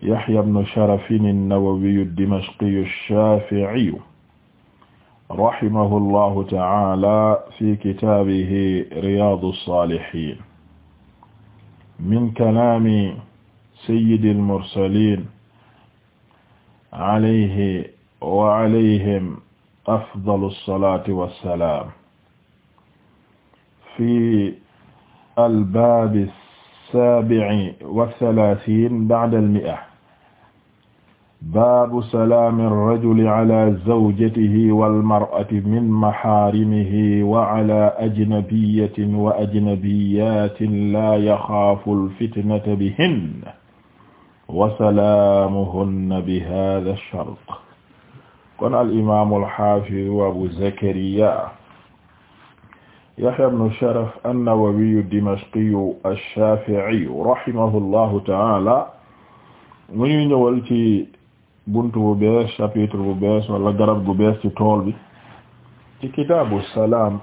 Yahya ibn Sharafin an-Nawawi ad-Dimashqi ash-Shafi'i rahimahu llahu ta'ala fi kitaabihi Riyaadu s-Saalihiin min kalaami sayyidi l-mursaliin alayhi wa alayhim afdalu s-salaati wa s-salaam fi al-baabi s-saabi'i wa s-salaasiin ba'da l-mi'a baabu salaami rajuli ala zawjatihi wal mar'ati min maharimihi wa ala ajnabiyatin wa ajnabiyatin laa yaxaafu alfitnata bihinna wa salaamuhunna bi haadha ash-shart kon al imaamu al-haafidu abu zakariya yahya ibnu sharaf an-nawawiyu ad-dimashqiyu ash-shaafi'iyu rahimahu llahu ta'aala mu ñu ñëwal ci bunt bu bees chapitre bu bees wala garab gu bees ci tool bi ci kitaabu salaam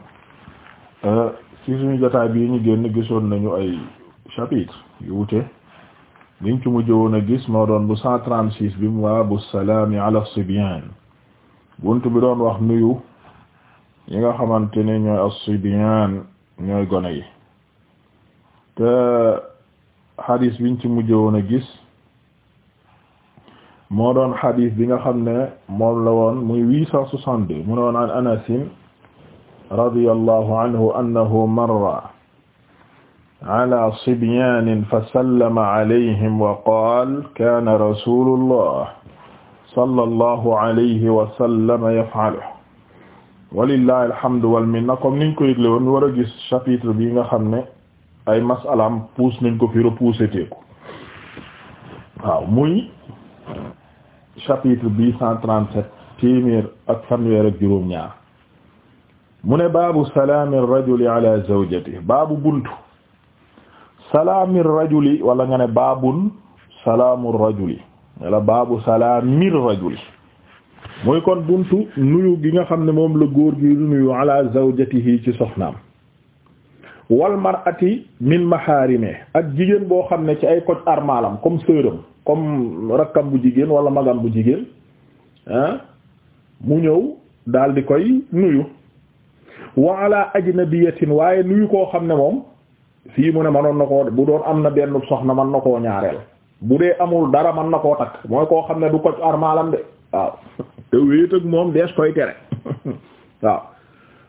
euh, ci suñu jotaay bii ñu génn gisoon nañu ay chapitre yu wute liñ ci mujj woon a gis moo doon bu cent trente-six bi mu waa bu salaami ala sibyan buntu bi doon wax nuyu yi nga xamante ne ñooy as ñooy gone yi te hadis biñ ci mujj woon a gis moo doon xadis bi nga xam ne moom la woon muy huit cent soixante-deux mu ne woon an anasin radiyallahu anhu annahu marra ala sibyanin fa sallama alayhim wa qaal kaana rasulullah sallallahu alayhi wa sallam yaf'alu walillahi alhamdu wal minna comme niñ ko yëgle woon war a gis chapitre bi nga xam ne ay masalaam puus nañ ko fi repoussé teeku waaw muy chapitre bi cent trente-sept téeméer ak fanweer ak juróom ñaar mu ne baabu salaami rajuli ala zawjati baabu buntu salaami rajuli wala nga ne baabun salaamu rajuli wala baabu salaami rajuli mooy kon buntu nuyu gi nga xam ne moom la góor gi nuyu ala zawjatihi ci soxnaam wal mar'ati min maharime ak jigéen boo xam ne ci ay koj armalam comme sœuram comme rakkam bu jigéen wala magam bu jigéen ah mu ñëw daldi di koy nuyu wa ala ajnabiyatin waaye nuyu koo xam ne moom fii mu ne noon na koo bu doon am na benn soxna man na koo ñaareel bu dee amul dara man na koo takk mooy koo xam ne du ko armalam de waaw te wéet moom dees koy tere waaw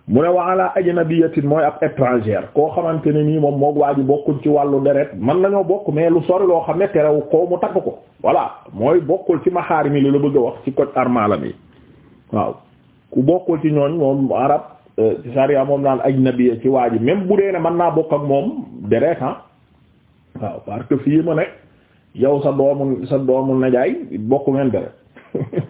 mu ne wa ala ajnabiyatin mooy ab étrangère koo xamante ne nii moom moo waa ji bokkul ci wàllu deret man nañoo bokk mais lu sori loo xam ne terew koo mu takk ko voilà mooy bokkul ci maxaari mi li la bëgg a wax ci code armalam yi waaw ku bokkul ci ñooñ moom arab euh, ci sariya moom naan ajnabiya ci waa ji même bu dee ne mën naa bokk ak moom deret ah waaw parce que fii mu ne yow sa doomu sa doomu najaay bokk ngeen deret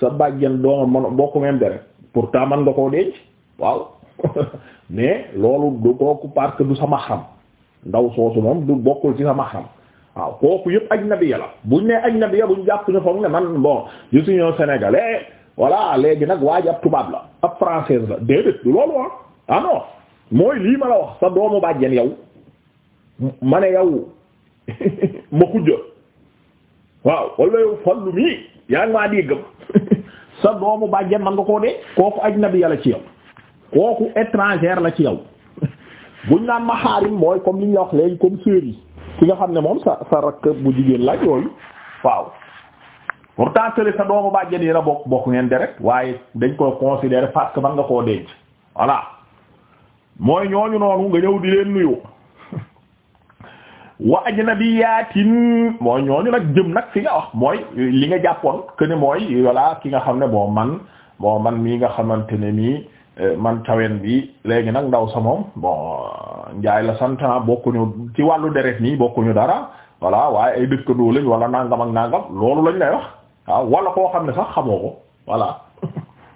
sa bàjjen doomam man bokk ngeen deret pourtant man nga koo denc waaw mais loolu du kooku parce que du sa maxram ndaw soosu moom du bokkul ci sa maxram waaw kooku yëpp ajnabiya la buñ ne ajnabiya buñ jàpp ñu foog ne man bon je suis un sénégalais voilà léegi nag waa ji ab tubaab la ab française la déedéet du loolu ah ah mooy lii ma la wax sa doomu bàjjen yow ma ne yow ma xujja waaw wala yow fallu mii yaa ngi maa di gëm sa doomu bàjjen man nga koo dee kooku ajnabi la ci yow kooku étranger la ci yow buñ naan maxaarim mooy comme li ñu wax léegi comme sœur yi ki nga xam ne moom sa sa rakk bu jigéen la yooyu waaw pourtant sëri sa doomu bàjjen yi na bokk bokk ngeen deret waaye dañ koy considérer parce que man nga koo denc voilà mooy ñooñu noonu nga ñëw di leen nuyu wa ajnabiyaatin mooy ñooñu nag jëm nag fi nga wax mooy li nga jàppoon que ne mooy voilà ki nga xam ne bon man bon man mii nga xamante ne nii euh, man tawen bi léegi nag ndaw sa moom bon njaay la sant bokkuñu ci wàllu deret nii bokkuñu dara voilà waaye ay dëkkandoo lañ wala nangam ak nangam loolu lañ lay wax waaw wala koo xam ne sax xamoo ko voilà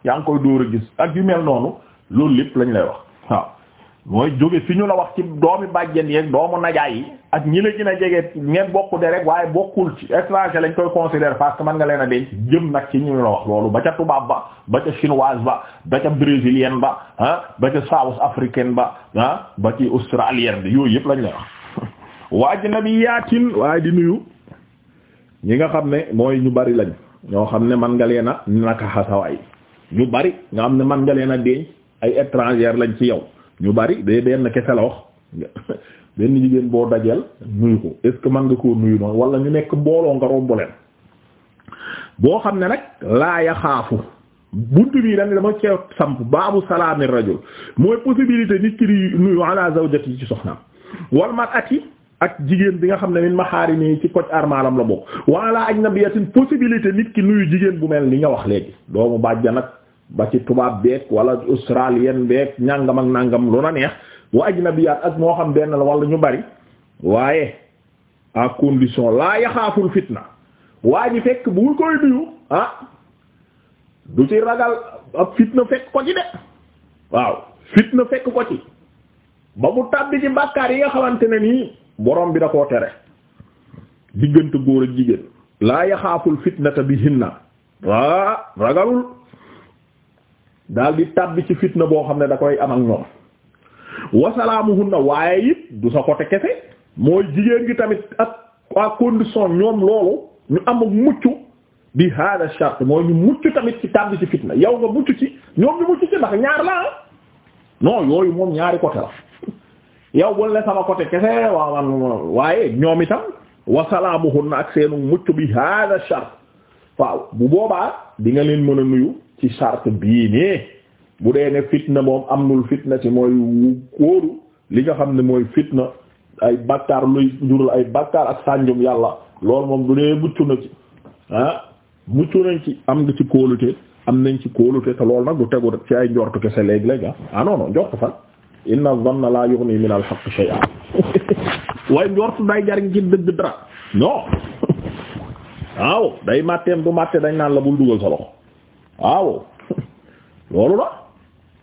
yaa ngi koy dóor a gis ak yu mel noonu loolu lépp lañ lay wax waaw. mooy jóge fi ñu la wax ci doomi bàjjen yeeg doomu najaay yi ak ñi la gën a jege ngeen bokku de rek waaye bokkul ci étranger lañ koy considérer parce que mën nga leen a denc jëm nag ci ñu la wax loolu ba ca tubaab ba ba ca chinoise ba ba ca brésilienne ba ah ba ca south africaine ba ah, ba ci australienne bi yooyu yëpp lañ la wax wa ajnabiyaatin waaye di nuyu ñi nga xam ne mooy ñu bari lañ ñoo xam ne mën nga leen a naka xasawaay ñu bari nga xam ne man nga leen a denc ay étranger lañ ci yow ñu bari day benn kese la wax benn jigéen boo dajeel nuyu ko est man nga koo nuyu noonu wala ñu nekk mbooloo nga romb leen boo xam ne nag laaya yaxaafu buntu bii dañ dama cee samp baabu salaami rajul mooy possibilité nit ki di nuyu ala zawjati yi ci soxnaam wal mar'ati ak jigéen bi nga xam ne min maharimi ci koc armalam la bokk wa ala ajnabiyatin possibilité nit ki nuyu jigéen bu mel ni nga wax léegi doomu bàjjan nag ba ci tubaab beek wala australien beek ñàngam ak nàngam lu na neex na bi ak moo xam benn la wala ñu bari waaye à condition laa yaxaaful fitna waa ji fekk bu koy ah, du ci ragal ab fitna fekk waaw fitna fekk ko ci ba mu tàbbi ci bàkkaar yi nga xamante ne nii borom bi da koo tere diggante góor ak jigéen laa yaxaaful fitnata bihinna waa ah, ragalul daal di tàbbi ci fitna boo xam ne da koy am ak ñoom wasalaamuhunna waaye it du sa côté kese mooy jigéen gi tamit ak à condition ñoom loolu ñu am mucc bi hada shart mooy ñu mucc tamit ci tàbbi ci fitna yow nga mucc ci ñoom ñu mucc ci ndax ñaar la ah. non yooyu moom ñaari côté la yow bu ne sama côté kese waaw waaye ñoom itam wasalaamuhunna ak seenu mucc bi hada shart waaw bu boobaa dinga leen mën a nuyu. ci bii nii bu dee ne fitna moom amul fitna ci mooy wóoru li nga xam ne mooy fitna ay bakkaar luy jural ay bakkaar ak sànjum yàlla loolu moom du dee mucc na ci ah mucc nañ ci am nga ci kóolute am nañ ci kóolute te loolu nag du tegu ci ay njortu kese léeg-léeg ah, ah non non njortu fan inna zanna la yughni min al haqq shay'a waaye njortu day jariñ ci dëgg dara non waaw day màtteem du màtte dañ naan la bul dugal sa loxo waaw loolu la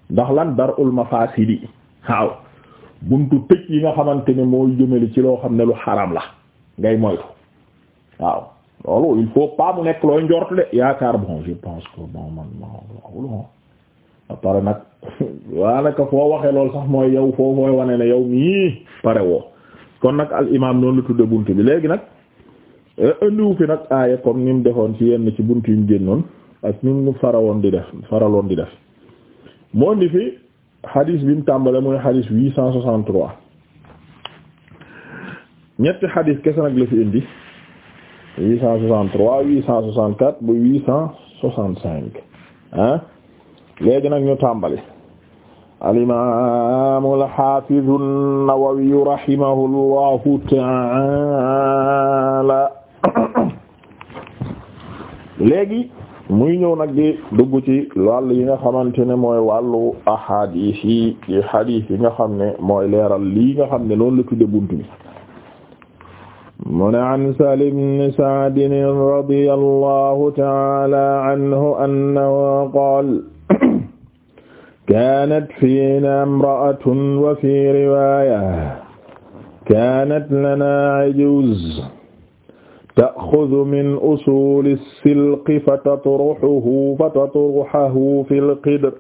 ndax lan darul mafasidi waaw buntu tëj yi nga xamante ni mooy jëmali ci loo xam ne lu xaram la ngay moytu waaw loolu il faut nekk looy njort de yaakaar bon je pense que bon man ma wolo pare nag waa naka foo waxee loolu sax mooy yow foo fooy wane ne yow mii pare woo kon nag al imam noonu la tudde bunt bi léegi nag indiwu eh, fi nag aaya comme ni mu defoon ci yenn ci bunt yi mu génnoon ak ñun ñu farawoon di def faraloon moo indi fi xadis bi mu tàmbale mooy xadis huit cent soixante trois ñetti xadis kese nag la fi indi huit cent soixante trois huit cent soixante quatre ba huit cent soixante cinq ah léegi nag ñu tàmbali alimamu alxafidu Nawawi rahimahullahu taala léegi muy ñëw nag di dugg ci wàll yi nga xamante ne mooy wàllu ahadis yi di hadis nga xam ne mooy leeral lii nga xam ne loolu la tudde mu ne an Salim ibn Sa'd radiyallahu ta'ala anhu annahu qaala kaanat fiinaa imra'atun wa fii riwaaya kaanat lanaa ajuz ta'xudu min usuuli silqi fatatruhuhu fatatruhahu fil qidr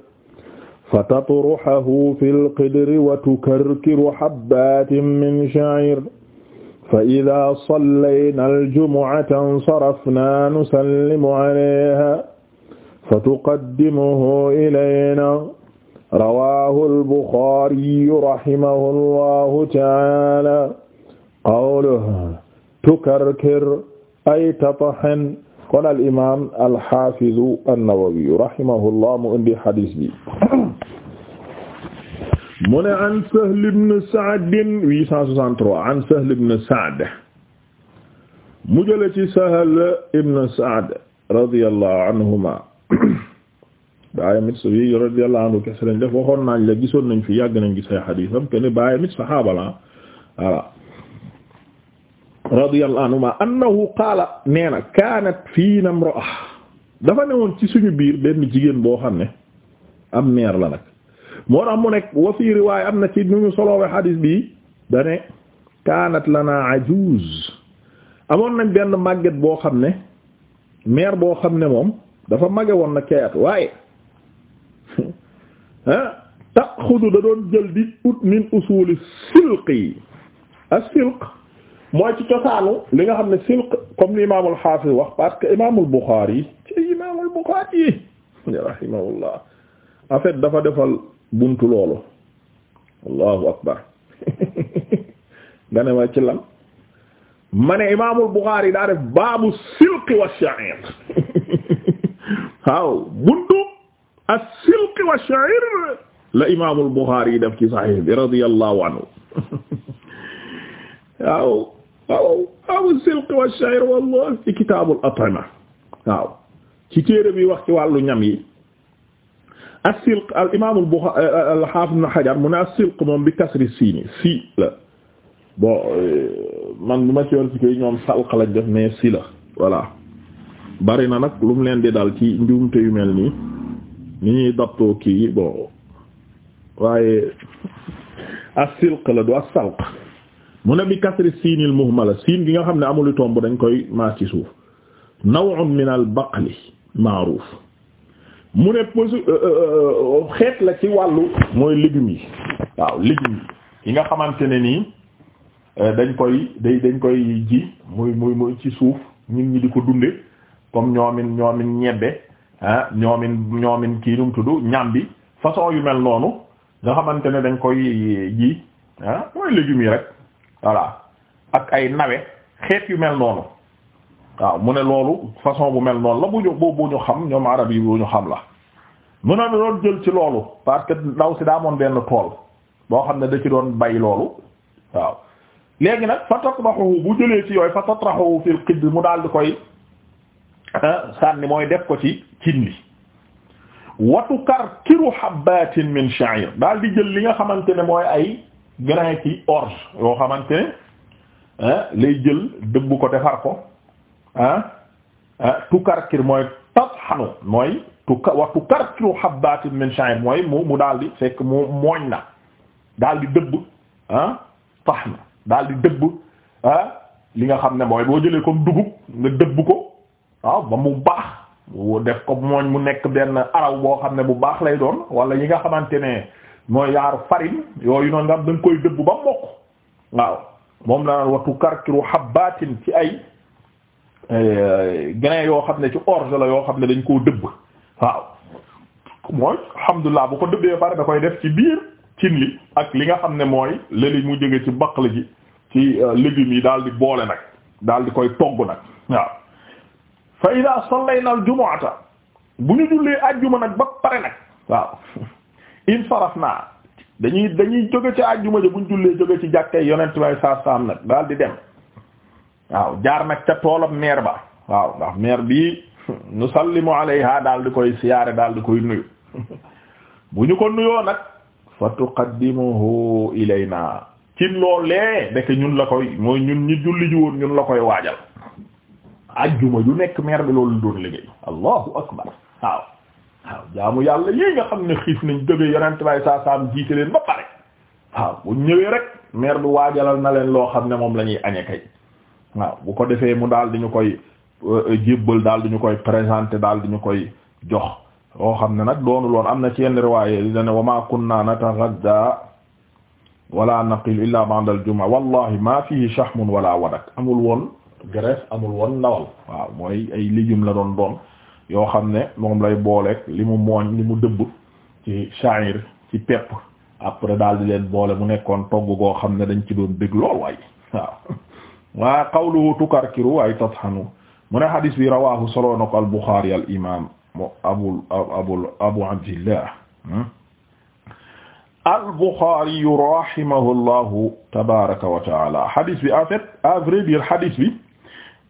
fatatruhahu fil qidri wa tukarkiru habbaatin min sha'iir فإذا صلينا الجمعة انصرفنا نسلم عليها فتقدمه إلينا رواه البخاري رحمه الله تعالى قوله tukarkir ay tatahen kon al imam alhafidu annawawiyu rahimahullah mu indi hadis bi mu ne an Sahl ibn Sa'd 863 an Sahl ibn Sa'd mu jële ci Sahl ibn Sa'd radiyallahu anhuma bàyyi mit bi radiyallahu anhu kese lañ def waxoon nañ la gisoon nañ fi yàgg nañ gis ay hadisam kenn bàyyi mit sahaaba la voilà radiyallahu anhuma annahu qaala nee na kaanat fii na mroa dafa newoon ci suñu biir benn jigéen boo xam ne am meer la nag moo tax mu nekk wa fii riwaaya am na ci nu ñu soloowe xadiis bi dane kaanat lana ajuz amoon nañ benn màgget boo xam ne meer boo xam ne moom dafa mage woon na kayat waaye ah taxudu da doon jël di ut min usuli silqi as silq mooy ci cosaanu li nga xam ne silq comme li imaamul xaafis wax parce que imaamul Buxaari ci imaamul Buxaari rahimahullah en fait dafa defal buntu loolu allahu akbar nga ne ma ci lan ma ne imaamul Buxaari daa def baabu silq wa sha'ir waaw buntu as-silq wa sha'ir la imaamul Buxaari def ci saxiix bi radiyallahu anhu waaw waaw aw silq wa sha'r wallahi ci kitaabul at'ima waaw ci téere bi wax ci wàllu ñam yi as-silq al imaam euh, euh, al Buxaari al haafiz ibn Hajar mu ne as-silq moom bi kasri siini si la bon euh, man bu ma ci war ci koy ñoom salq lañ def mais si la voilà bari na nag lu mu leen di dal ci njuumte yu mel nii ni ñuy daptoo kii bon waaye as-silq la du as-salq mu ne bi kasri siinil muhmala siin gi nga xam ne amulu tomb dañ koy maas ci suuf naw'un min al baqli ma'ruf mu ne euh, euh, euh, xeet la ci wàllu mooy légumes yi waaw légumes yi nga xamante ne nii dañ koy day dañ koy ji muy muy ci suuf ñun ñi di ko dunde comme ñoomin ñoomin ñebbe ah ñoomin ñoomin kii num tudd ñam bi façon yu mel noonu nga xamante ne dañ koy ji ah mooy légumes yi rek voilà ak ay nawe xeet yu mel noonu waaw mu ne loolu façon bu mel noonu la bu ñu xam ñoom arab yi bu ñu xam la mu ne doon jël ci loolu parce que ndaw si daa amoon benn tool boo xam ne da ci doon bay loolu waaw léegi nag fa tatraxuhu bu jëlee ci yooyu fa tatraxuhu fil qid mu daal di koy ah, sànni mooy def ko ci cin li watu kar kiru habbatin min sha'ir daal di jël li nga xamante ne mooy ay grain ci orge yoo xamante ne lay jël dëbb ko defar ko ah tukarkir mooy tatxanu mooy tuka wa tukarkiru habbatin min sha'ir mooy mu mu daal di fekk mu mooñ na daal di dëbb ah tax na daal di dëbb ah li nga xam ne mooy boo jëlee comme dugub nga dëbb ko waaw ba mu baax mu def ko mooñ mu nekk benn araw boo xam ne bu baax lay doon wala yi nga xamante ne mooy yaar farine yooyu noonu nga da nga koy dëbb ba mokk waaw moom la naan watu karkiru habbatin ci ay eh, grain yoo xam ne ci orge la yoo xam ne dañ koo dëbb waaw mooy alhamdulilah bu ko dëbbee pare da koy def ci biir cin li ak li nga xam ne mooy léegi mu jóge ci baq ji ci euh, légumes yi daal di boole nag daal di koy togg nag waaw fa ida sallayna al jumu'ata bu ñu jullee ajjuma nag ba pare nag waaw insarafna dañuy dañuy jóge ci àjjuma ja buñ jullee jóge ci jàkkay yonent bay saa saam nag daal di dem waaw jaar nag ca toolam meer ba waaw ndax meer bi bii nusallimu alayha daal di koy siyaare daal di koy nuyu bu ñu ko nuyoo nag fa tuqaddimuhu ilayna ci loolee nekk ñun la koy mooy ñun ñi julli ji woon ñun la koy waajal àjjuma ju nekk meer bi loolu doon liggéey allahu akbar waaw waaw jaamu yàlla yi nga xam ne xiif nañ jógee yonent bay saa saam jiite leen ba pare waaw bu ñëwee rek maire bi jalal na leen loo xam ne moom la ñuy añe kay waaw bu ko defee mu daal di koy euh, jébbal daal di ñu koy présenter daal di koy jox loo xam ne nag doonul woon am na ci yenn riwaaye dina ne wa ma kunna nataghadda wala naqil illa ba'da al-jumu'a wallahi ma fihi shahmun wala wadak amul woon graisse amul woon ndawal waaw mooy ay légumes la doon doon yoo xam ne moom lay boolek li mu mooñ li mu dëbb ci sha'ir ci pepp après daal di boole mu nekkoon togg goo xam ne dañ ci doon dégg lool waaye waaw waa qawluhu tukarkiru ay tathanu mu ne xadis bi rawahu soloo na al Buxaari al imam abu abu abu abdillah al Buxaari rahimahullahu tabaraka wa taala xadis bi en fait à vrai dire xadis bi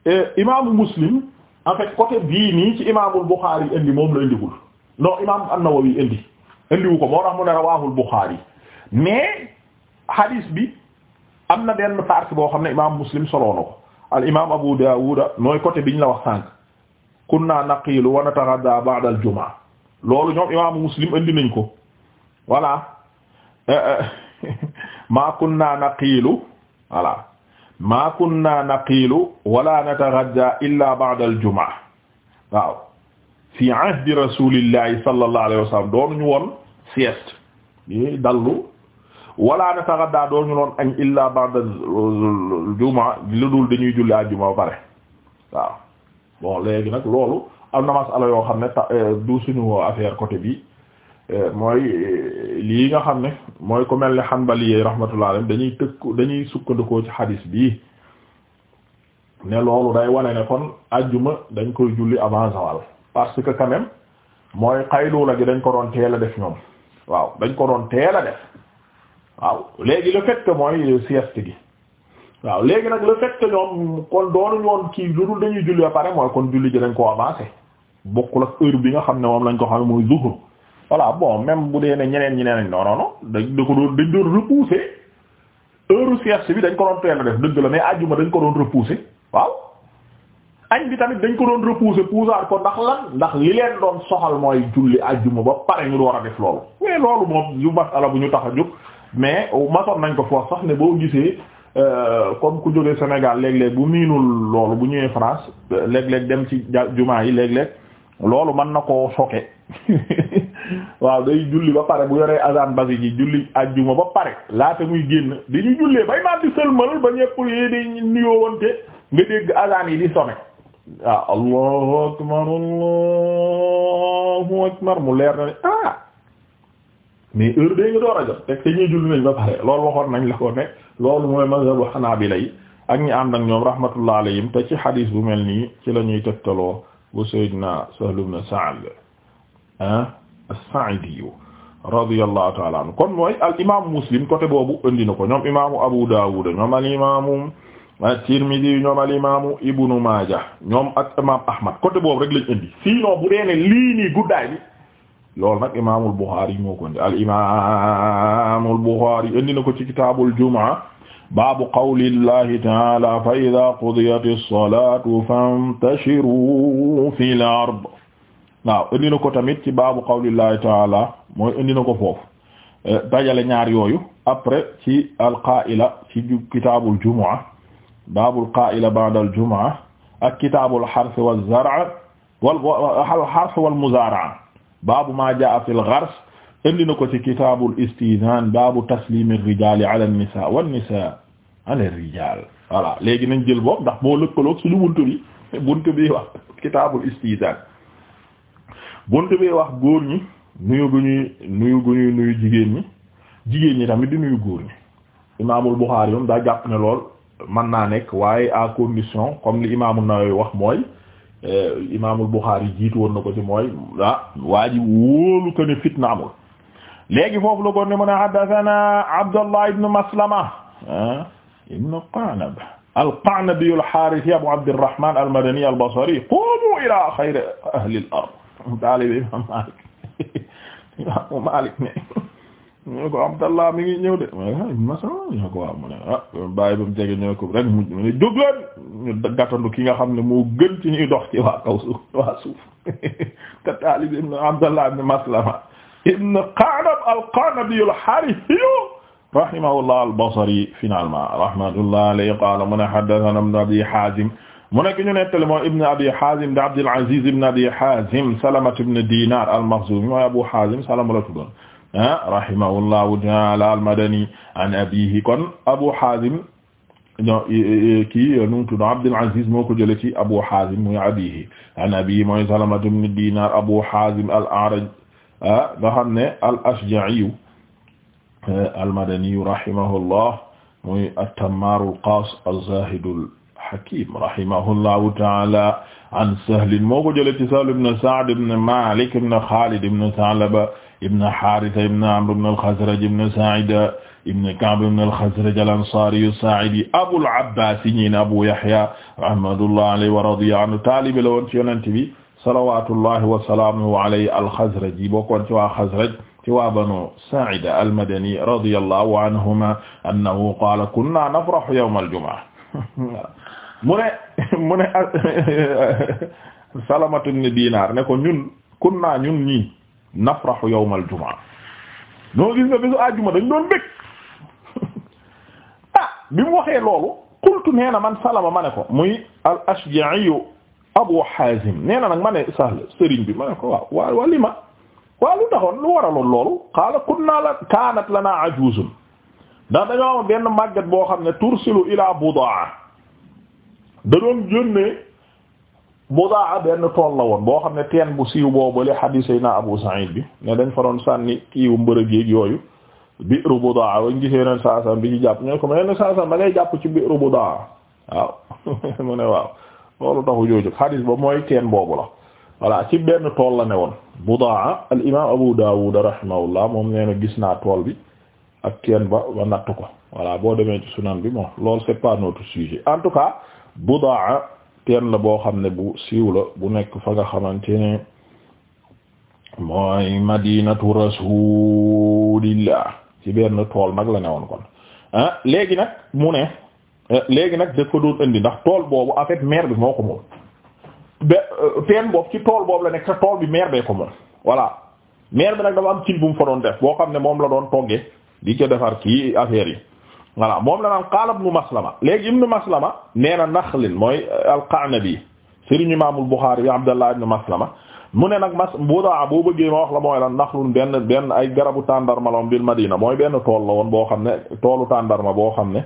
eh, imaamu Muslim en fait côté bii nii ci imaamul Buxaari indi moom la indiwul non imaam an-Nawawi indi ko moo tax mu ne rawaahul Buxaari mais hadis bi am na benn partie boo xam ne imaam Muslim soloo na ko al imaam Abu Daawuda nooy côté biñ la wax sànq kunna naqiilu wa nataghaddaa ba'da al-jumaa loolu ñoom imaamu Muslim indi nañ ko voilà maa kunna naqiilu voilà ma kunna naqiilu wala natagadda illa ba'da al-jumu'a waaw fi ahdi rasulillahi sallallahu alayhi wa sallam doonuñu woon sieste yi dallu wala natagadda doonuñu woon añ illa ba'da al-jumu'a lu dul dañuy julli àjjuma ba pare waaw bon léegi nag loolu am na masala yoo xam ne ta euh, du suñu affaire côté bi mooy lii nga xam ne mooy ku mel ni Hanbali yi rahmatullah dañuy tëkk dañuy sukkandikoo ci xadis bii ne loolu day wane ne kon ajjuma dañ koy julli avant zawal parce que quand mooy xayluula gi dañ ko doon teel a def ñoom waaw dañ ko doon teel def waaw léegi le fait que mooy sieste gi waaw léegi nag le fait que ñoom kon doonuñ woon kii lu dul dañuy julli ba pare mooy kon julli ji dañ koo avancé bokkul ak heure bi nga xam ne moom lañ ko xam mooy zuhur voilà bon même bu dee ne ñeneen ñi neenañ non non non dañ da ko doon dañ doon repousser heure sieste bi dañ ko doon teel def dëgg la mais àjjuma dañ ko doon repousser waaw añ bi tamit dañ ko doon repousser poussaat ko ndax lan ndax li leen doon soxal mooy julli àjjuma ba pare ñu war a def loolu mais loolu moom yu masala bu ñu tax a jóg mais masoon nañ ko foofu sax ne boo gisee euh, comme ku jógee Sénégal léeg-léeg bu miinul loolu bu ñëwee France euh, léeg-léeg dem ci jumaa yi léeg-léeg loolu mën na koo choquer waaw day julli ba pare bu yoree azan basi ji julli ajjuma ba pare laata muy génn di ñu jullee bay maa di sëlmal ba ñëpp yi di nuyoowante nga dégg azan yi di sonné waaw ah, allahu akbar allahu akbar mu leer na ne ah mais heure day nga door a jot teg te ñuy julli nañ ba pare loolu waxoon nañ la ko ne loolu mooy mazhabu hanabila yi ak ñi ànd ak ñoom rahmatullah alayhim te ci xadis bu mel nii ci la ñuy tegtaloo bu sayyidina Sahl ibn Sa'd ah as-Sa'idi radiyallahu ta'ala anhu kon mooy al imaamu Muslim côté boobu indi na ko ñoom imaamu Abu Dawud ñoom al imaamu at-Tirmidhi ñoom al imaamu Ibnu Maaja ñoom ak imaam Ahmad côté boobu rek lañ indi sinon bu dee ne lii nii guddaay bi loolu nag imaamul Bukhari moo ko indi al imaamul Bukhari indi na ko ci kitaabul jumaa baabu qawlillahi ta'ala fa idha qudiyati as-salatu fantashiru fil ard waaw indi na ko tamit ci baabu qawlillahi taala mooy indi na ko foofu eh, dajale ñaar yooyu après ci alqaa'ila ci kitaabul jumaa baabul qaa'ila ba'dal jumaa ak kitaabul xarth waz zar'a wal al xarth wal muzaara'a baabu maa jaa'a fil xars indi na ko ci kitaabul istizaan baabu tasliimir rijaali ala nisaa wan nisaa ala rijaal léegi nañ jël boobu ndax moo lëkkaloog suñu buntu bi buntu bi wax kitaabul buntu bi wax góor ñi nuyu gu ñuy nuyu nuyu jigéen ñi jigéen ñi tamit di nuyu góor ñi imaamul Buxaari moom daa jàpp ne lool mën naa nekk waaye à condition comme li na Nawawi wax mooy eh, imaamul Buxaari jiitu woon na ko ci mooy ah waa ji wóolu ko ne fitna amul léegi foofu la ko ne mu ne haddathana Abdullah ibn Maslama ah, ibn Qanab al-Qanabi al-Harithi Abu Abdirrahman al-Madani al-Basri qumu ila khayri ahli al taalibe imaam Maalik imaam Maalik ne ñu ne ko Abdallah mi ngi ñëw de Ibn Mas'ud ñu ne ko waaw mu ne ah bàyyi ba mu jege ñu ne ko rek mu ne jóg leen ñu gàttandu ki nga xam ne moo gën ci ñuy dox ci waa kaw suuf waa suuf te taalibe ibn Abdallah ibn Maslama ibn Qa'nab al-Qa'nabi al-Harithi rahimahullah al-Basri finalement rahmatullah alayhi qala mu ne haddathana ibn Abi Hazim mu nekk ñu nettali mooy ibn abi hazim da abdul aziz ibn abi hazim salamat ibn dinar al-makhzumi mooy abu hazim salama la tuddoon ah, rahimahullahu ta'ala al-madani an abihi kon abu hazim no kii nu mu tudd abdul aziz moo ko jële ci abu hazim muy abihi an abihi mooy salamat ibn dinar abu hazim al-a'raj ah, nga xam ne al-ashja'i eh, al-madani rahimahullah muy at-tammar al-qas az-zahid Hakim rahimahullahu ta'ala an Sahl moo ko jëlee ci Sahl ibn Sa'd ibn Malik ibn Khalid ibn Tha'laba ibn Haritha ibn Amr ibn al-Khazraj ibn Sa'ida ibn Ka'b ibn al-Khazraj al-Ansari as-Sa'idi Abul Abbas ñi ne Abu Yahya rahmatullahi alayhi wa radiya anhu taalibe la woon ci Yonent bi salawatullahi wa salaamuhu alayhi al-Khazraji bokkoon ci waa Khazraj ci waa Banu Sa'ida al-Madani radiyallahu anhuma annahu qala kunna nafrahu yawm al-jumu'ah mu ne mu ne Salamatu ibn Dinar ne ko ñun kunna ñun ñii nafrahu yawmal jumaa noo gis nga bisu àjjuma dañ doon bëgg ah bi mu waxee loolu qultu nee na man Salama ma ne ko muy al-Ashja'i Abu Hazim nee na nag ma ne Sahl sëriñ bi ma ne ko waaw waa walima waa lu taxoon lu waraloon loolu qaala kunna la kaanat lanaa ajuuzun ndax dañoo am benn màgget boo xam ne tursilu ila budaa da doon yónnee budaa benn tool la woon boo xam ne teen bu siiw boobu li xadiis yi na Abu Sa'id bi ne dañ fa doon sànni kiiwu mbërëg yéeg yooyu biiru budaa wañ gisee bi ci jàpp ñoo ko ma yenn saasam ngay jàpp ci biiru budaa waaw mu ne waaw loolu taxu jooju xadiis ba mooy teen boobu la voilà ci benn tool la ne woon budaa al imaam Abu Dawud rahimahullah moom nee na gis naa tool bi ak teen ba ba natt ko voilà boo demee ci sunan bi moom loolu c'est pas notre sujet en tout cas budaa teen la boo xam ne bu siiw la bu nekk fa nga xamante ne mooy madinatu rasulillah ci benn tool nag la ne woon kon ah, léegi nag mu ne eh, léegi nag da ko doon indi ndax tool boobu en maire bi moo ko moom ba euh, teen boobu ci tool boobu la nekk te tool bi maire bee ko moom voilà maire bi nag dafa am cin bu mu fa doon def boo xam ne moom la doon toggee di ko defar kii affaire yi voilà moom la naan qaala ibnu maslama léegi ibnu maslama nee na naxlin mooy euh, alqanabi sëriñ imaamul buxaari bi abdallah ibnu maslama mu ne nag mas budaa boo bëggee ma wax la mooy lan naxlun benn benn ay garabu tàndarma la woon bil madina mooy benn tool la woon boo xam ne toolu tàndarma boo xam ne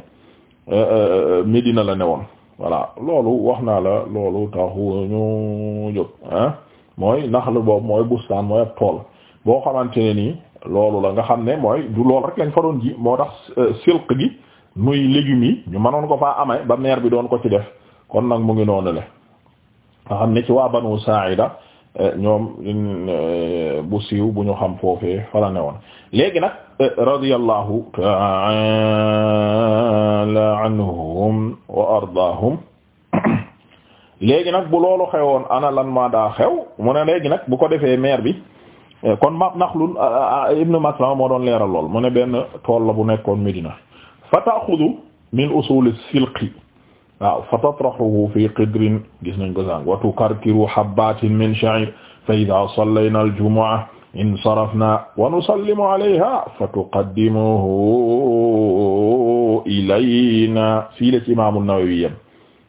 euh, euh, médina la ne woon voilà loolu wax naa la loolu taxu ñu jóg ah mooy naxlu boobu mooy bustaan mooy ab tool boo xamante ne nii loolu la nga xam ne mooy du loolu rek lañ fa doon ji moo tax euh, silq gi nuy légumes yi ñu mënoon ko faa amee ba meer bi doon ko ci def kon nag mu ngi noonu le nga xam ne ci waa banu Saa'ida euh, ñoom euh, bu siiw bu ñu xam foofee fala ne woon léegi nag radiyallahu ta'ala anhum wa ardaahum léegi nag bu loolu xewoon ana lan maa daa xew mu ne léegi nag bu ko defee meer bi kon ma naxlun ibnu maslama moo doon leeral lool mu ne benn tool la bu nekkoon Medina fa taaxudu min usul silqi waaw fa tatraxuhu fi qidrin gis nañ ko sànq wa tukarkiru habbatin min sha'ir fa idha sallayna al-jumu'a insarafna wa nusallimu alayha fa tuqaddimuhu ilayna fii la ci imaamu Nawawi yam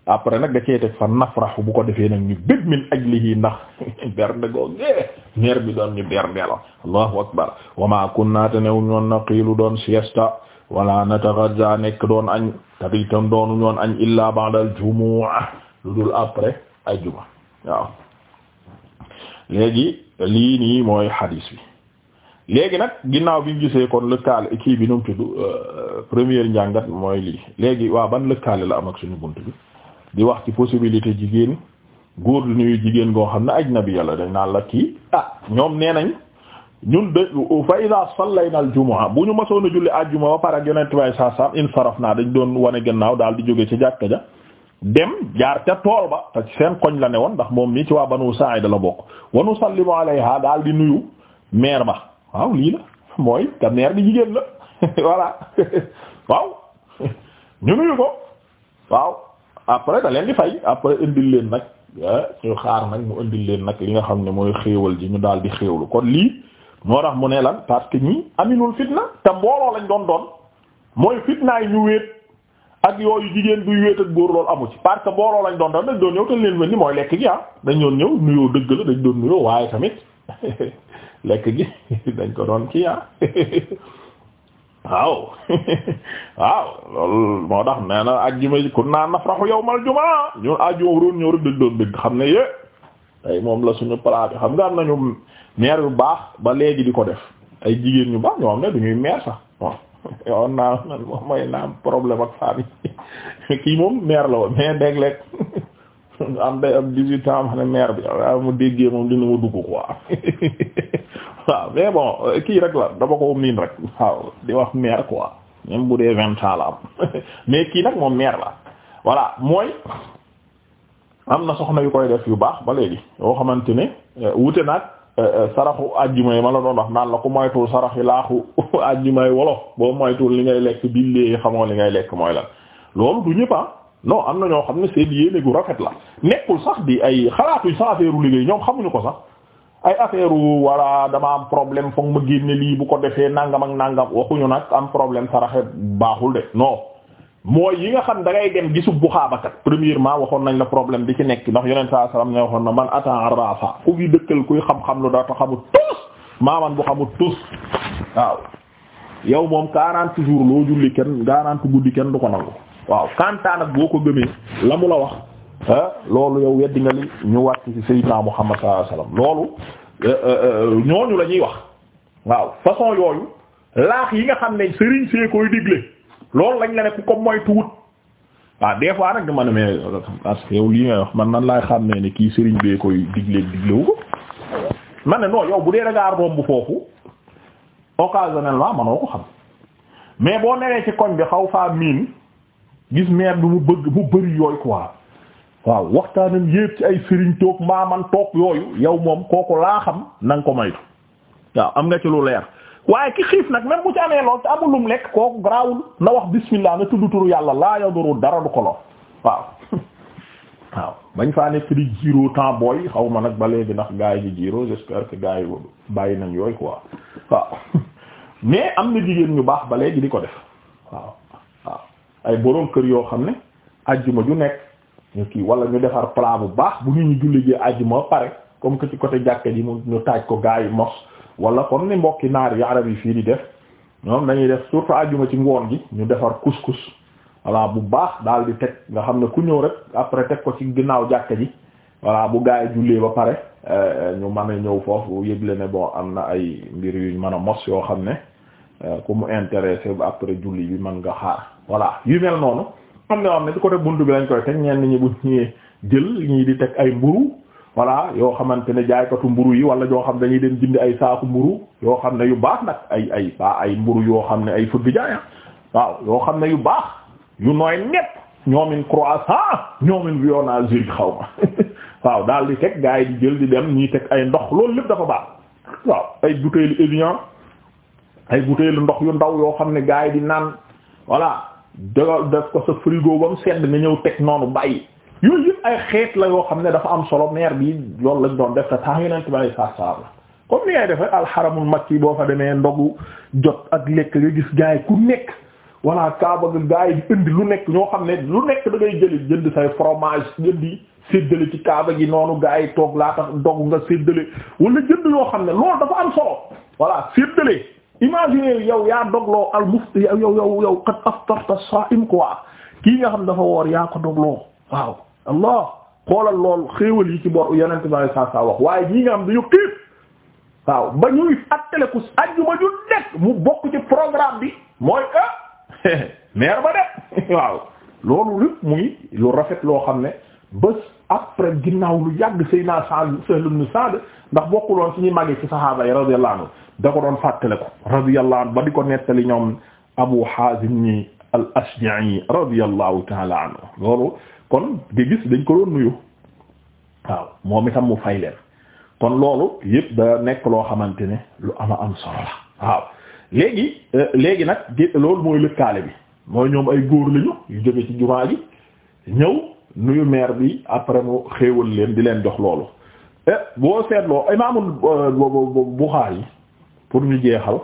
après nag da cee teg fa nafrahu bu ko defee nag ñu bég min ajlihi ndax bernde googee neer bi doon ñu bernde la allahu akbar wa ma kunna te new ñoon na doon siesta wala nataghadda nekk doon añ te itam doonu ñoon añ illa ba'dal jumu'a lu dul après ay juma waaw léegi mooy hadis bi léegi nag ginnaaw bi ñu gisee kon lëkkaale kii bi nu mu tudd euh, première njàngat mooy lii léegi waa ban lëkkaale la am ak suñu bunt bi di wax ci possibilité jigéen góor lu nuyu jigéen goo xam ne ajnabi yàlla dañ naan la kii ah ñoom nee nañ ñun de fa ida lay al juma bu ñu masoon a julli àjjuma ba pare ak yonent bay saa saam insaraf naa dañ doon wane gannaaw daal di jóge ci jàkka ja dem jaar ca tool ba te seen koñ la ne woon ndax moom mii ci waa ban banu Sa'ida la bokk wa nusallimu alayha daal di nuyu meer ba waaw lii la mooy te meer bi jigéen la voilà waaw ñu nuyu ko waaw après da leen di fay après indil leen nag ah, ñu xaar nag mu indil leen nag li nga xam ne mooy xéewal ji ñu daal di xéewlu kon lii moo tax mu ne lan parce que ami aminul fitna te mbooloo lañ doon doon mooy yu ñu wéet ak yooyu jigéen buy wéet ak góor loolu amu ci parce que mbooloo lañ doon doon dañ doon ñëw te leen mel ni mooy lekk gi ah dañ doon ñëw nuyoo dëgg la dañ doon nuyoo waaye tamit lekk gi dañ ko doon ki ah waaw waaw moo tax nee na ajjuma ji kun naa nafrahu yawmal jumaa ñun ajjuma bu doon ñëw rek dañ xam ne yé tey moom la suñu plat bi xam nga am nañu meer yu baax ba léegi di ko def ay jigéen ñu baax ñoo xam ne duñuy meer sax moom mooy naa problème ak famille kii moom meer la woon mais ndegleeg am day am dix-huit ans am ne meer bi waaw mu déggee moom dina ma dugg quoi waaw mais bon kii rek la dama ko miin um rek waaw di wax mère quoi même bu dee vingt ans la am mais kii nag moom meer la voilà mooy am na soxna yu koy def yu baax ba léegi yoo xamante ne euh, wute nag euh, euh, saraxu àjjuma yi ma la doon wax naan la ku moytuwul sarax yi laaxu àjjuma yi wolof boo moytuwul li ngay lekk billee xamoo li ngay lekk mooy la loolu du ñëpp ah. non am na ñoo xam ne seen yéene gu rafet la nekkul sax di ay xalaatuñ sa liggéey ñoom xamuñu ko sax. ay affaire walla dama am problème foog ma génne lii bu ko defee nangam ak nangam waxuñu nag am problème saraxe baaxul de non mooy yi nga xam da ngay dem gisub bu xaabakat premièrement waxoon nañ la problème bi ci nekk ndax yeneen saa salaam waxoon na man atan rafa ku fi dëkkal kuy xam-xam lu data xamul tus maaman bu xamul tus waaw yow moom quarante jours loo julli kenn quarante guddi kenn du ko nangu waaw kantaan ak boo ko gëmee la mu wax loolu yow weddi nga li ñu wàcc ci sayyidina Muhammad sallallahu alayhi loolu euh, euh, euh, ñooñu la ñuy wax waaw façon yooyu laax yi nga xam ne sëriñ see koy digle loolu lañ la ne ku ko moytuwut waaw des fois nag dama ne mais parce man nan laay xam ne ne kii sëriñ bee koy digle ne non bu dee da ngaa romb foofu ma manoo ko xam mais boo newee ci koñ bi xaw faa miin gis meer bi mu bëgg mu bëri yooyu quoi waaw waxtaanam yépp ci ay sëriñ toog maaman toog yooyu yow moom kooku laa xam na ko maytu waaw am na ci lu leer waaye ki xiif nag même bu ci amee lool te amul lekk kooku garaawul na wax bismillah na tudd turu yàlla laa yaduru dara du ko lool waaw waaw bañ faa nekk di jiiroo temps booy xaw ma nag ba léegi ndax gaa yi di jiiroo j'espère que gaa yi bàyyi nañ yooyu ko waaw mais am na jigéen ñu baax ba léegi di ko def waaw waaw ay boroom kër yoo xam ne ajjuma ju nekk ñu kii wala ñu defar plat bu baax bu ñu julli ji àjjuma pare comme que ci côté jàkka ji mu ñu taaj ko gaa yi mos wala kon ni mbokki naar yi arab yi fii di def ñoom dañuy def surtout àjjuma ci ngoon gi ñu defar couscous voilà bu baax daal di teg nga xam ne ku ñëw rek après teg ko ci ginnaaw jàkka ji voilà bu gaa yi jullee ba pare euh, ñu mën a ñëw foofu yëgle ne bon am na ay mbir yu ñu mën a mos yoo xam ne euh, ku mu intéressé après julli bi mën nga voilà yu noonu. am na yoo xam ne du côté buntu bi lañ koy teg ñenn ñi bu ñëwee jël ñii di teg ay mburu voilà yoo xamante ne jaaykatu mburu yi wala yoo xam dañuy dem jënd ay saaku mburu yoo xam ne yu baax nag ay ay ba ay mburu yoo xam ne ay fëgg jaaya ah. waaw yoo xam ne yu baax yu nooy nepp ñoomin croissant ñoomin viennoiserie xaw ma waaw daal di teg gaa yi di jël di dem ñii teg ay ndox loolu lépp dafa baax waaw ay bouteille Evian ay bouteille ndox yu ndaw yoo xam ne gaa yi di naan de def ko sa frigo ba mu sedd nga ñëw teg noonu bàyyi yooyu yëpp ay xeet la yoo xam ne dafa am solo mair bi loolu lañ doon def te temps yonent bi alei saatu salam la comme ni ngay defee alxaramul makki boo fa demee ndogu jot ak lekk nga gis gaay ku nekk voilà kaaba ga gaay yi indi lu nekk ñoo xam ne lu nekk da ngay jëli jënd say fromage di séddale ci kaaba gi noonu gaay yi toog laa tax ndogu nga séddale wala jënd yoo xam ne loolu dafa am solo voilà imagine yow yaa dogloo al yow yow yow qad aftarta saa'im quoi kii nga xam dafa woor yaa ko dogloo waaw allah xoolal lool xéewal yi ci bor yonent bi sallallahu alayhi wasallam wax waaye ñii nga xam dañu xiif waaw ba ñuy fàttaliku àjjuma ju nekk mu bokk ci programme bi mooy ah meer ba de waaw loolu lépp muy lu rafet loo xam ne bés après ginnaaw lu yàgg Seydina Sa'd Sahl ibn Sa'd ndax bokkuloon suñu màggee ci saxaaba yi radiyallahu anhu da ko doon fàttale ko radiyallahu anhu ba di ko nettali ñoom Abu Hazim ñi al Ashja'i radiyallahu ta'ala loolu kon di gis dañ ko doon nuyu waaw moom itam mu fay leen kon loolu yëpp da nekk loo xamante ne lu am solo la waaw léegi euh, nag loolu mooy lëkkaale bi mooy ñoom ay góor lañu yu jóge ci jumaa ji ñëw nuyu maire bi après mu xéewal leen di leen jox loolu euh, boo seetloo imaamul euh, Buxaari pour ñu jeexal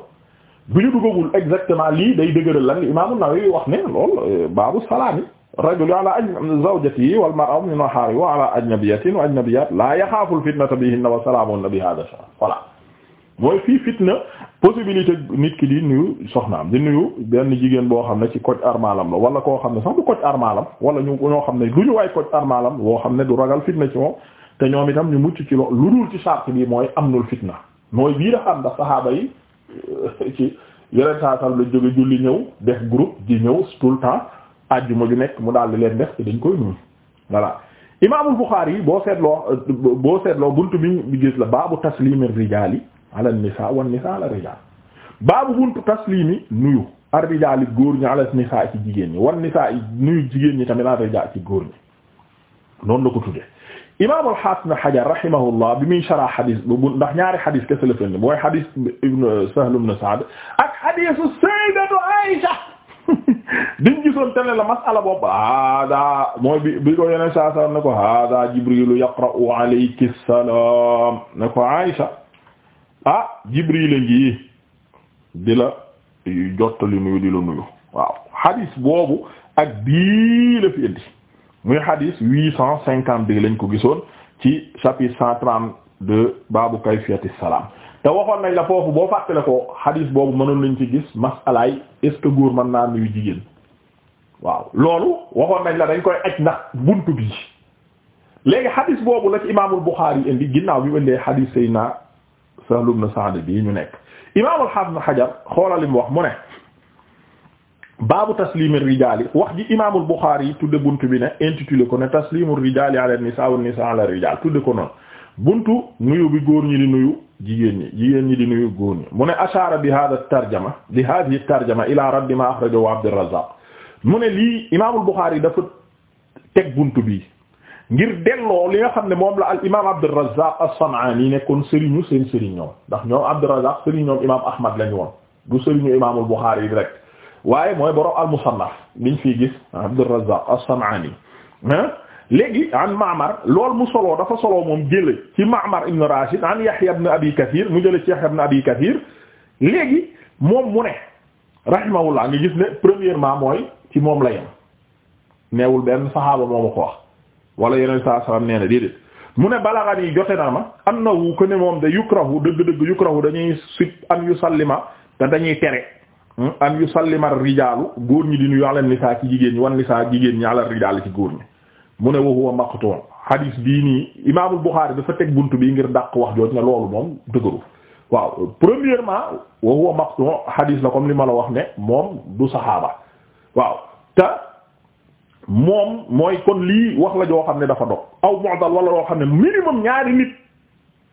bi ñu duggagul exactement lii day dëgëral lan li Imaam An-Nawawi wax ne lool euh, baabu salaami rajul ala zawjatihi wal mar'atu min maharihi wa ala ajnabiyatin wa ajnabiyat la yaxaafu al-fitnata bihinna wa salaamun bi hadha sha'r voilà mooy fii fitna possibilité nit ki di nuyu am di nuyu benn jigéen boo xam ne ci koj armalam la wala koo xam ne sax du koj armalam wala ñu ñoo xam ne du ñu waay koj armalam woo xam ne du ragal fitna ci te ñoom itam ñu mucc ci loolu lu dul ci charte fitna mooy bii dafa am ndax saxaaba yi euh, ci yeneen saa sal la jóge julli ñëw def group di ñëw tout le temps àjjuma ju nekk mu daal di leen def te dañ koy nuyu voilà imaamul Buxaari yi boo seetloo euh, boo seetloo bunt bi gis la baabu taslimi rijaali ala nisaa wan nisaa ala rijaal baabu buntu taslimi nuyu ar rijaali góor ñi ala nisaa ci jigéen ñi wan nisaa nuyu jigéen ñi tamit ala rijaal ci góor ñi noonu la ko tuddee imaam al-Hafiz ibn Hajar rahimahullah bi muy sharh xadis bu ndax ñaari xadis kese la fenn mooy xadis ibn Sahl ibn Sa'd ak xadisu sayyidatu Aïsha biñ gisoon tene la masala boobu hada mooy bi bi ko yeneen saa saa ne ko hada Jibrilu yaqra'u alayki salaam ne ko Aïsha ah Jibril a ngi di la jottali nuyu di la nuyu waaw xadis boobu ak bii la fi indi muy hadis huit cent cinquante bi lañ ko gisoon ci chapitre cent trente deux baabu kayfiyati salaam te waxoon nañ la foofu boo fàttale ko hadis boobu mënoon nañ ci gis masalaay est-ce góor mën naa nuyu jigéen waaw loolu waxoon nañ la dañ koy aj ndax buntu bi léegi hadis boobu la ci imaamul Buxaari indi ginnaaw bi mu indee hadis Seydina Sahl ibn Sa'd bii ñu nekk imaamul Hafiz Hajar xoolal wax mu ne. baabu tasliimi rijaali wax ji imaamul Buxaari yi tudde bunt bi ne intitulé ko ne tasliimu rijaali ala nisaa wa nisaa ala rijaal tudde ko noonu buntu nuyu bi góor ñi di nuyu jigéen ñi jigéen ñi di nuyu góor ñi mu ne ashaara bi hada tarjama bi hadihi tarjama ila raddi ma axrajahu Abdurrazaaq mu ne lii imaamul Buxaari dafa teg bunt bi ngir delloo li nga xam ne moom la al imaam Abdurrazaaq as-San'aani nekkoon sëriñu seen sëriñ ñoom ndax ñoom Abdurrazaaq sëriñ ñoom imaam Ahmad lañu woon du sëriñu imaamul rek waaye mooy borom al-Musannaf liñ fii gis Abdurrazzaq as-San'ani léegi an Ma'mar lool mu soloo dafa soloo moom jële ci Ma'mar ibn Rashid an Yahya ibn Abi Kathir mu jële ci Yahya ibn Abi Kathir léegi moom mu ne rahimahullah nga gis ne premièrement mooy ci moom la yem neewul benn saxaaba moom ma ko wax wala yeneen saa salaam nee mu ne balaxan yi jote na ma annahu ko ne moom de yukrahu dëgg-dëgg yukrahu dañuy sit an yusallima te dañuy tere Hmm? an yusallima rijaalu góor ñi di nuyu ala nisaa ci jigéen ñi wan nisaa jigéen ñi ala rijaal ci góor ñi mu ne wa huwa maqtu' hadis bii nii imaamul Buxaari dafa teg bunt bii ngir dàq wax jooj ne loolu moom dëgëru waaw premièrement wa huwa maqtu' hadis la comme li ma la wax ne moom du saxaaba waaw te moom mooy kon lii wax la joo xam ne dafa dog aw mu'dal wala loo xam ne minimum ñaari nit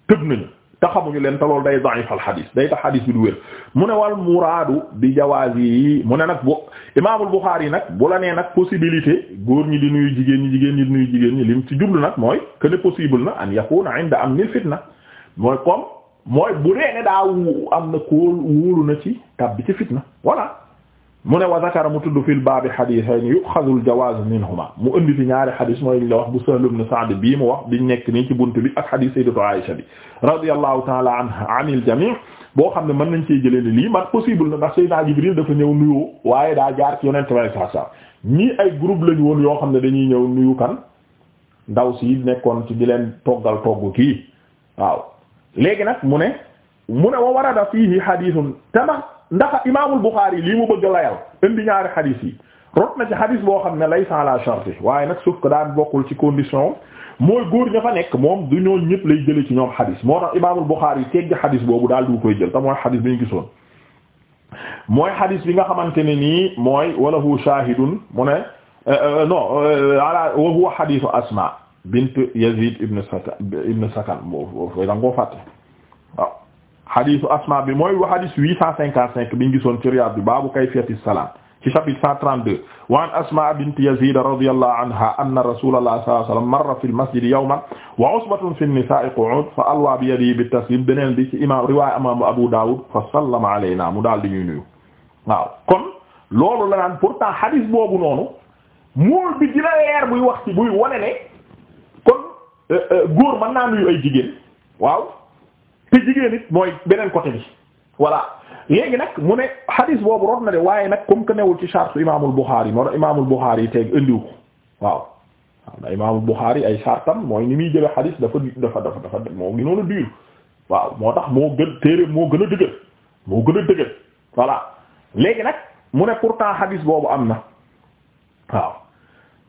tëb nañu te xamuñu leen te loolu day da'if day tax xadis bi du wér mu ne wal muraadu bi jawaaz yi mu ne nag bu imaamul Buxaari yi nag bu la nee nag possibilité góor ñi di nuyu jigéen ñi jigéen ñi di nuyu jigéen ñi lim ci jublu nag mooy que ne possible na an yakuna a am ni fitna mooy comme mooy bu dee ne daa am na kóol wóolu na ci tab bi ci fitna voilà. mu ne wa zakara mu tudd fil baabi xadiisayni yuxazul jawaazu minhumaa mu indi fi ñaari xadis mooy la wax bu Sahl ibn Sa'd bii mu wax di nekk nii ci bunt bi ak xadis sayyidatu Aïsha bi radiyallahu ta'ala anha anil boo xam ne mën nañ cee jëlee ni lii man possible na ndax Seydina Jibril dafa ñëw nuyoo waaye daa jaar ci yonent way saa saa ñii ay groupe lañ woon yoo xam ne dañuy ñëw nuyu kan ndaw si nekkoon ci di leen toggal togg kii waaw léegi nag mu ne mu ne wa warada fiihi xadiisun tama ndax imaamul Buxaari lii mu bëgg a layal indi ñaari xadiis yi rot na ci xadiis boo xam ne laysa ala sharti waaye nag suuf ko daan bokkul ci condition mooy góor ña nekk moom du ñoo ñëpp lay jëlee ci ñoom xadiis moo tax imaamul Buxaari tegg xadiis boobu daal du koy jël te mooy xadiis bi ñu gisoon. mooy xadiis nga xamante ne nii mooy walahu shahidun mu ne euh, euh, non euh, ala wa huwa xadiisu Asmaa bint Yazid ibn Sakan ibn Sakan boo da nga koo fàtte. xadiisu asma bi mooy xadiis huit cent cinquante cinq biñ gisoon ci Riyaad bi baabu kayfiyati salaam ci chapitre cent trente deux wa an asma bint yazid radiyallahu anha anna rasulullah sallallahu alayhi wasallam marra fil masjid yawman wa usbatun fin nisa'i qu'ud fa alwa bi yadihi bit taslim beneen bi ci imam riwaaya imam Abu Dawud fa sallama alayna mu daal di ñuy nuyu waaw kon loolu la naan pourtant xadiis boobu noonu mool bi dina leer buy wax ci buy wane ne kon euh, euh, góor mën naa nuyu ay jigéen waaw te jigéen it mooy beneen côté bi voilà léegi nag mu ne hadis boobu rot na de waaye nag comme que newul ci charte imaamul Bukhari moo tax imaamul Bukhari yi teg indiw ko waaw waaw ndax imaamul Bukhari ay chartam mooy ni muy jële hadis dafa dafa dafa dafa moo gënoon a dur waaw moo tax moo gën téere moo gën a dëgër moo gën a dëgër voilà léegi nag mu ne pourtant hadis boobu am na waaw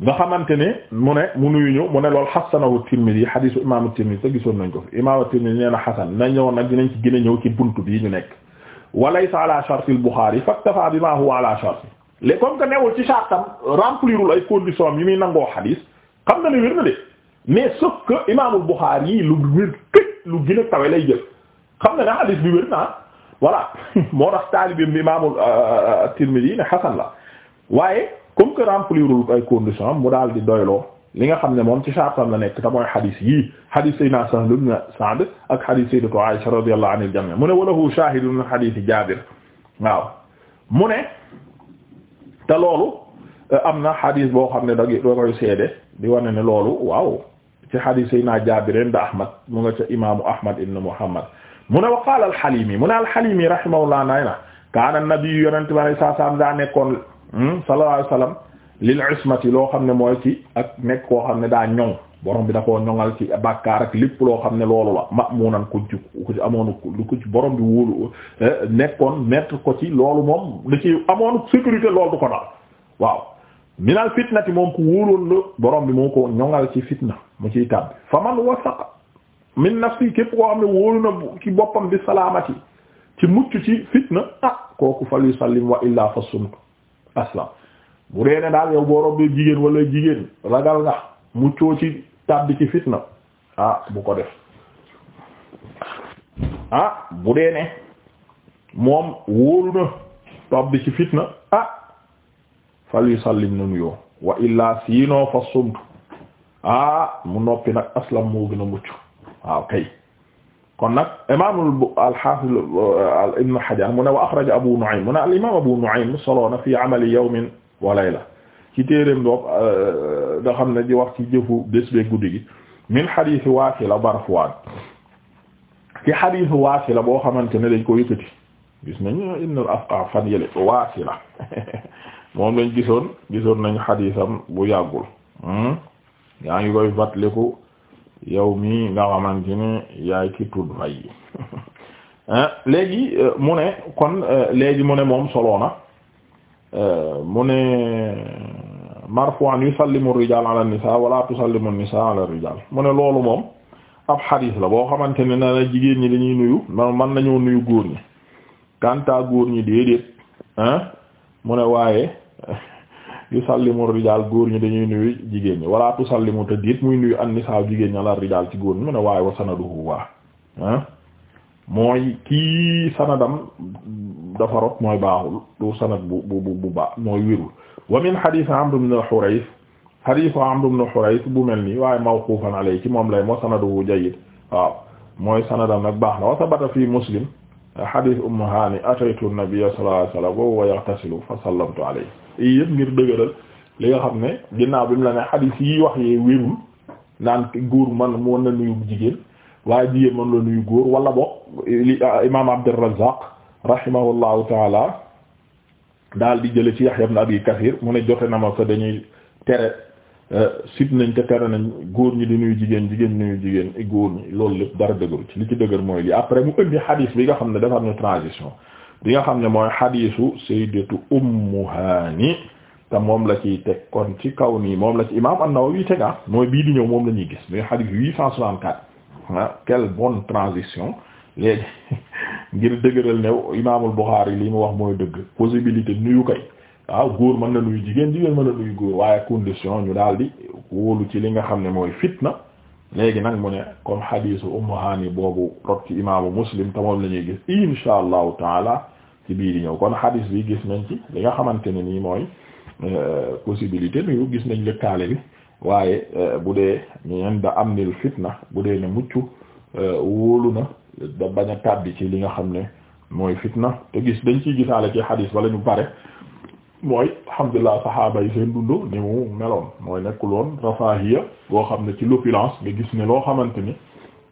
nga xamante ne mu ne mu nuyu ñu mu ne loolu xasanahu Tirmidhi xadiisu imaamu te gisoon nañ ko fi imaamu Tirmidhi nee na xasan na ñëwoon nag dinañ ci gën a ñëw ci buntu bii ñu nekk walaysa ala shartil Bukhari faktafa ala sharti lé comme que newul ci shartam remplirul ay condition am yi muy nangoo xadiis xam na ne wér na de mais sauf que imaamul yi lu wér këj lu gën a lay jël xam na ne xadiis bi wér na voilà moo tax taalibeem bi imaamul euh, euh, Tirmidhi ne xasan la comme que remplirul ay conditions mu daal di doyloo li nga xam ne moom ci saatam la nekk te mooy xadis yii xadis Sayyidina Sahl ibn Sa'd ak xadis Sayyidatu Aisha radiyallahu anil jami' mu ne walahu shahidun min xadisi Jaabir waaw mu ne te loolu euh, am na xadis boo xam ne da seede di wane ne loolu waaw ci xadis Sayyidina Jaabir inda Ahmad mu nga ca imaamu Ahmad ibn mu ne wa qaala al-Halimi mu ne al-Halimi rahimahullah kaana an-nabiyyu yonente bi alayhi salaam daa nekkoon Hmm? sallallahu alayhi wasallam lil ismati loo xam ne mooy ci ak nekk koo xam ne daa ñoŋ borom bi da koo ñoŋal ci bàkkaar ak lépp loo xam ne loolu la ma'munan ku ci ku ci lu ku ci borom bi wóolu eh, nekkoon mettre ko ci loolu moom da ci amoon sécurité loolu du ko daal waaw minal fitnati moom ku wóoloon la borom bi moo ko ñoŋal ci fitna mu ciy tàbbi fa man wasaqa min nafsi képp koo xam ne wóolu na ci boppam bi salaamati ci mucc ci fitna ah kooku fal yusallim wa illaa fa sumtu aslam bu dee ne daal yow boo robbee jigéen wala jigéen ragal nga muccoo ci tàbbi ci fitna ah bu ko def ah bu dee ne moom wóoru na tàbbi ci fitna ah fal yu sallim na nuyoo wa illaa siinoo fa sumtu ah mu noppi nag aslam moo gën a mucc waaw kay kon nag imaam al-Haafiz Ibn Hajar mu ne wa axraja Abu Nu'aym mu ne al-imaam Abu Nu'aym soloo na fii amali yawmin wa layla ci téeréem boobu euh, nga xam ne di wax ci jëfu bés bee guddi gi min hadiis Waasila Barfuwaan ci hadiis Waasila boo xamante ne dañ ko yëkkati gis nañu Ibn al-Asqa fan yële Waasila moom lañ gisoon gisoon nañ hadiisam bu yàggul hmm, yaa ngi koy yow mi nga xamante ne yaay ki tudd fay eh, léegi eh, mu ne kon eh, léegi mu ne moom solo na mu ne marfu'an yusallimu rijal ala nisa wala tusallimu nisa ala rijal mu ne loolu moom ab xadis la boo xamante ne na jigéen ñi dañuy nuyu ma man mën nañoo nuyu góor ñi kanta góor ñi déedéet mu ne waaye yusallimu rijaal góor ñi dañuy nuyu jigéen ñi wala tusallimu te diit muy nuyu an-nisaa jigéen ñi ala rijaal ci góor ñi mu ne waaye wa sanaduhu waa ah mooy kii sanadam dafa rot mooy baaxul du sanad bu bu bu baax mooy wérul wa min hadith Amr ibn Hurayth hadith Amr ibn bu mel nii waaye mawqufan alayhi ci moom lay moo sanaduhu jayyid waaw mooy sanadam nag baax na wa fi Muslim hadith Ummu Hani ataytu an-nabiyya sallallahu alayhi wa sallam wa huwa fa sallamtu alayhi yii yëpp ngir dëgëral li nga xam ne ginnaaw bi mu la ne hadith yi wax yee wérul naan góor man mën na nuyu jigéen waaye jigéen mën la nuyu góor wala boog li ah, imaam Abdurrazzaq rahimahullahu taala daal di jële ci Yahya ibn Abi Kathir mu ne jote na ma ko dañuy tere Euh, sit nañ te tere nañ góor ñi di nuyu jigéen jigéen nuyu jigéen góor ñi loolu lépp dara dëgëru ci li ci dëgër mooy li après mu indi xadiis bi nga xam ne defar ñu transition bi nga xam ne mooy xadiisu sayyidatu ummu haani te moom la ciy teg kon ci kaw nii moom la ci imaam an-Nawawi tega ah, mooy bii di ñëw moom la ñuy gis mais hadith 864 ah quelle bonne transition léegi ngir dëgëral ne imaamul Bukhari li mu wax mooy dëgg possibilité nuyu kay waaw góor mën na nuyu jigéen jigéen mën na nuyu góor waaye condition ñu daal di wóolu ci li nga xam ne mooy fitna léegi nag mu ne kon xadiisu Ummu Haani boobu rot ci imaamu Muslim te moom la ñuy gis insha allahu taala ci biir yi ñëw kon xadiis bi gis nañ ci li nga xamante ne nii mooy euh, possibilité nuyu gis nañ lëkkaale bi waaye euh, bu dee ñeen da am nil fitna bu dee ne mucc euh, wóolu na da bañ a tàbbi ci li nga xam ne mooy fitna te gis dañ ciy gisaale ci xadiis wala ñu pare mooy alhamdulilah saxaaba yi seen dund ni mooy nekkul woon rafaahiya boo xam ne ci l'opulence nga gis ne loo xamante ni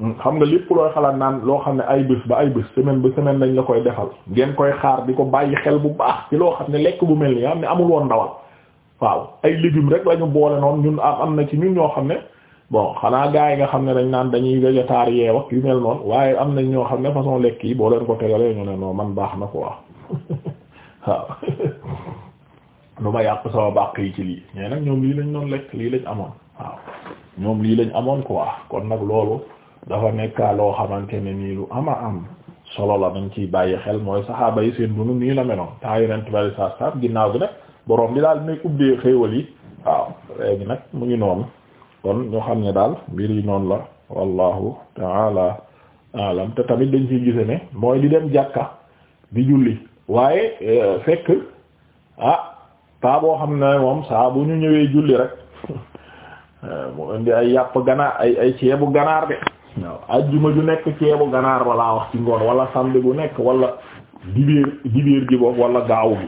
hmm, xam nga lépp looy xalaat naan loo xam ne ay bés ay semaine ba semaine lañ la koy defal ngeen koy xaar di ko bàyyi xel bu baax ci loo xam ne lekk bu mel ni nga xam ne amul woon waaw ay légumes rek la ñu boole noonu ñun am am na ci ñun ñoo xam ne bon xanaa gars yi nga xam ne dañ naan dañuy végétarien wax yu mel noonu waaye am nañ ñoo xam ne façon lekk yi boo leen ko tegalee ñu ne non man baax na quoi waaw du ma yàq sama bàq yi ci lii mais ñoom lii lañ doon lekk lii lañ amoon waaw ñoom lii lañ amoon quoi kon nag loolu dafa nekkaa loo xamante ne nii lu ama am solo la nañ ciy bàyyi xel mooy saxaaba yi seen dund nii la meloon temps yonent bari saa saa ginnaaw gi nag borom bi daal nekk ubbee xéewal yi waaw léegi nag mu ngi noonu kon ñoo xam ne daal mbir yi noon la wallahu taala alam te tamit dañ ciy gise ne mooy di dem jàkka di julli waaye euh, paa boo xam ne moom saa bu ñu ñëwee julli rek mu indi ay yàpp ganaar ay ay ceebu ganaar de waaw ajjuma ju nekk ceebu ganaar balaa wax ci ngoon wala samedi bu nekk wala dibeer dibeer ji boobu wala gaaw bi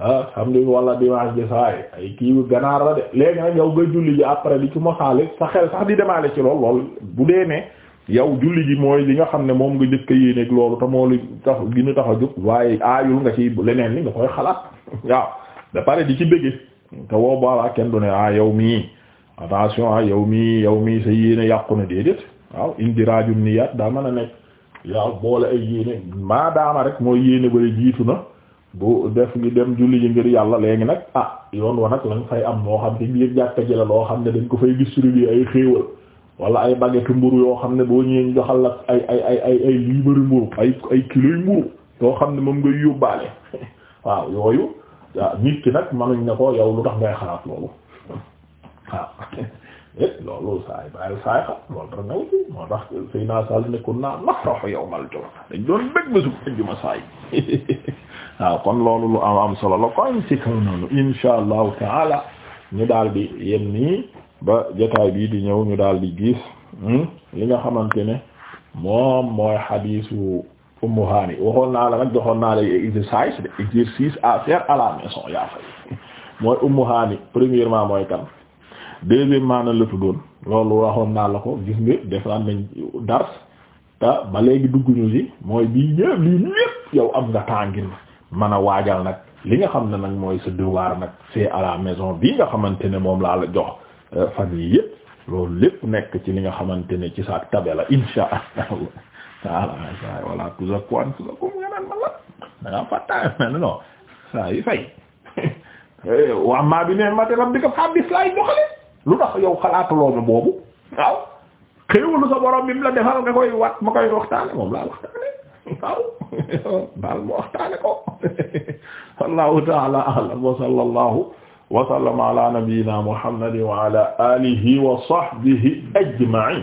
ah samedi wala dimanche bi saa yi ay kii ganaar la de léegi nag yow nga julli ji après di ci mosaale sa xel sax di demaale ci lool lool bu dee ne yow julli ji mooy li nga xam ne moom nga njëkk a yéeneeg loolu te moo li tax ginu tax a jóg waaye aayul nga ci leneen li nga koy xalaat waaw. da pare di ci bëgge te woo boobaa kenn du ne ah yow mii attention ah yow mii yow mii sa yéene yàqu na déedéet waaw ni niyaat daa man a nekk yaa boole ay yéene maadaama rek moo yéene ba jiitu na bu def ngi dem julli ji ngir yàlla léegi nag ah yoon wa nag lañ fay am moo xam ne biir jàkka ji la loo xam ne dañ ko fay gis distribuer ay xéewal wala ay baguette mburu yoo xam ne boo ñëwee joxal la ay ay ay ay ay libari ay ay kiloy mburu yoo xam ne moom ngay yóbbaale yooyu waaw nit ki nag manuñ ne ko yow lu tax ngay xalaat loolu waaw eh, loolu saay bàyyil saay xam loolu tax new ci moo tax say naa sall nekkul naa nafraxu yawmal jumu'a dañ sub ajjuma saay waaw kon loolu lu am am solo la kon ci kaw noonu insha allahu taala ñu daal di yem nii ba jotaay bii di ñëw ñu daal di gis hmm, li nga xamante ne moom mooy xadiisu Ummu Hani waxoon naa la nag joxoon naa la exercice de exercice à fair à la maison yaa mooy Ummu Hani premièrement mooy kan deuxièmement na la tuddoon loolu waxoon naa la ko gis nga defaan nañ dars te ba léegi dugguñu li mooy bii ñëpp lii ñëpp yow am nga temps ngir mën a waajal nag li nga xam ne nag mooy sa devoir nag c'est à maison bii nga xamante ne moom laa la jox euh, fan yii yëpp loolu lépp nekk ci li nga xamante ne ci sa tabe la insha waaw saa yi voilà tout ça quoi tout ça comme nga naan ma la da ngaa fàttali ma ne non saa yi fay waa maa bi ne ma te rab bi ko fàttali saa yi doxale lu tax yow xalaatuloo ma boobu waaw xéewalu sa borom bi mu la defal nga koy wat ma koy waxtaane moom laa waxtaane waaw daal ma waxtaane ko wallahu ta'ala a'lam wa sallallahu wa sallama ala nabiyyina muhammadin wa ala alihi wa sahbihi ajma'in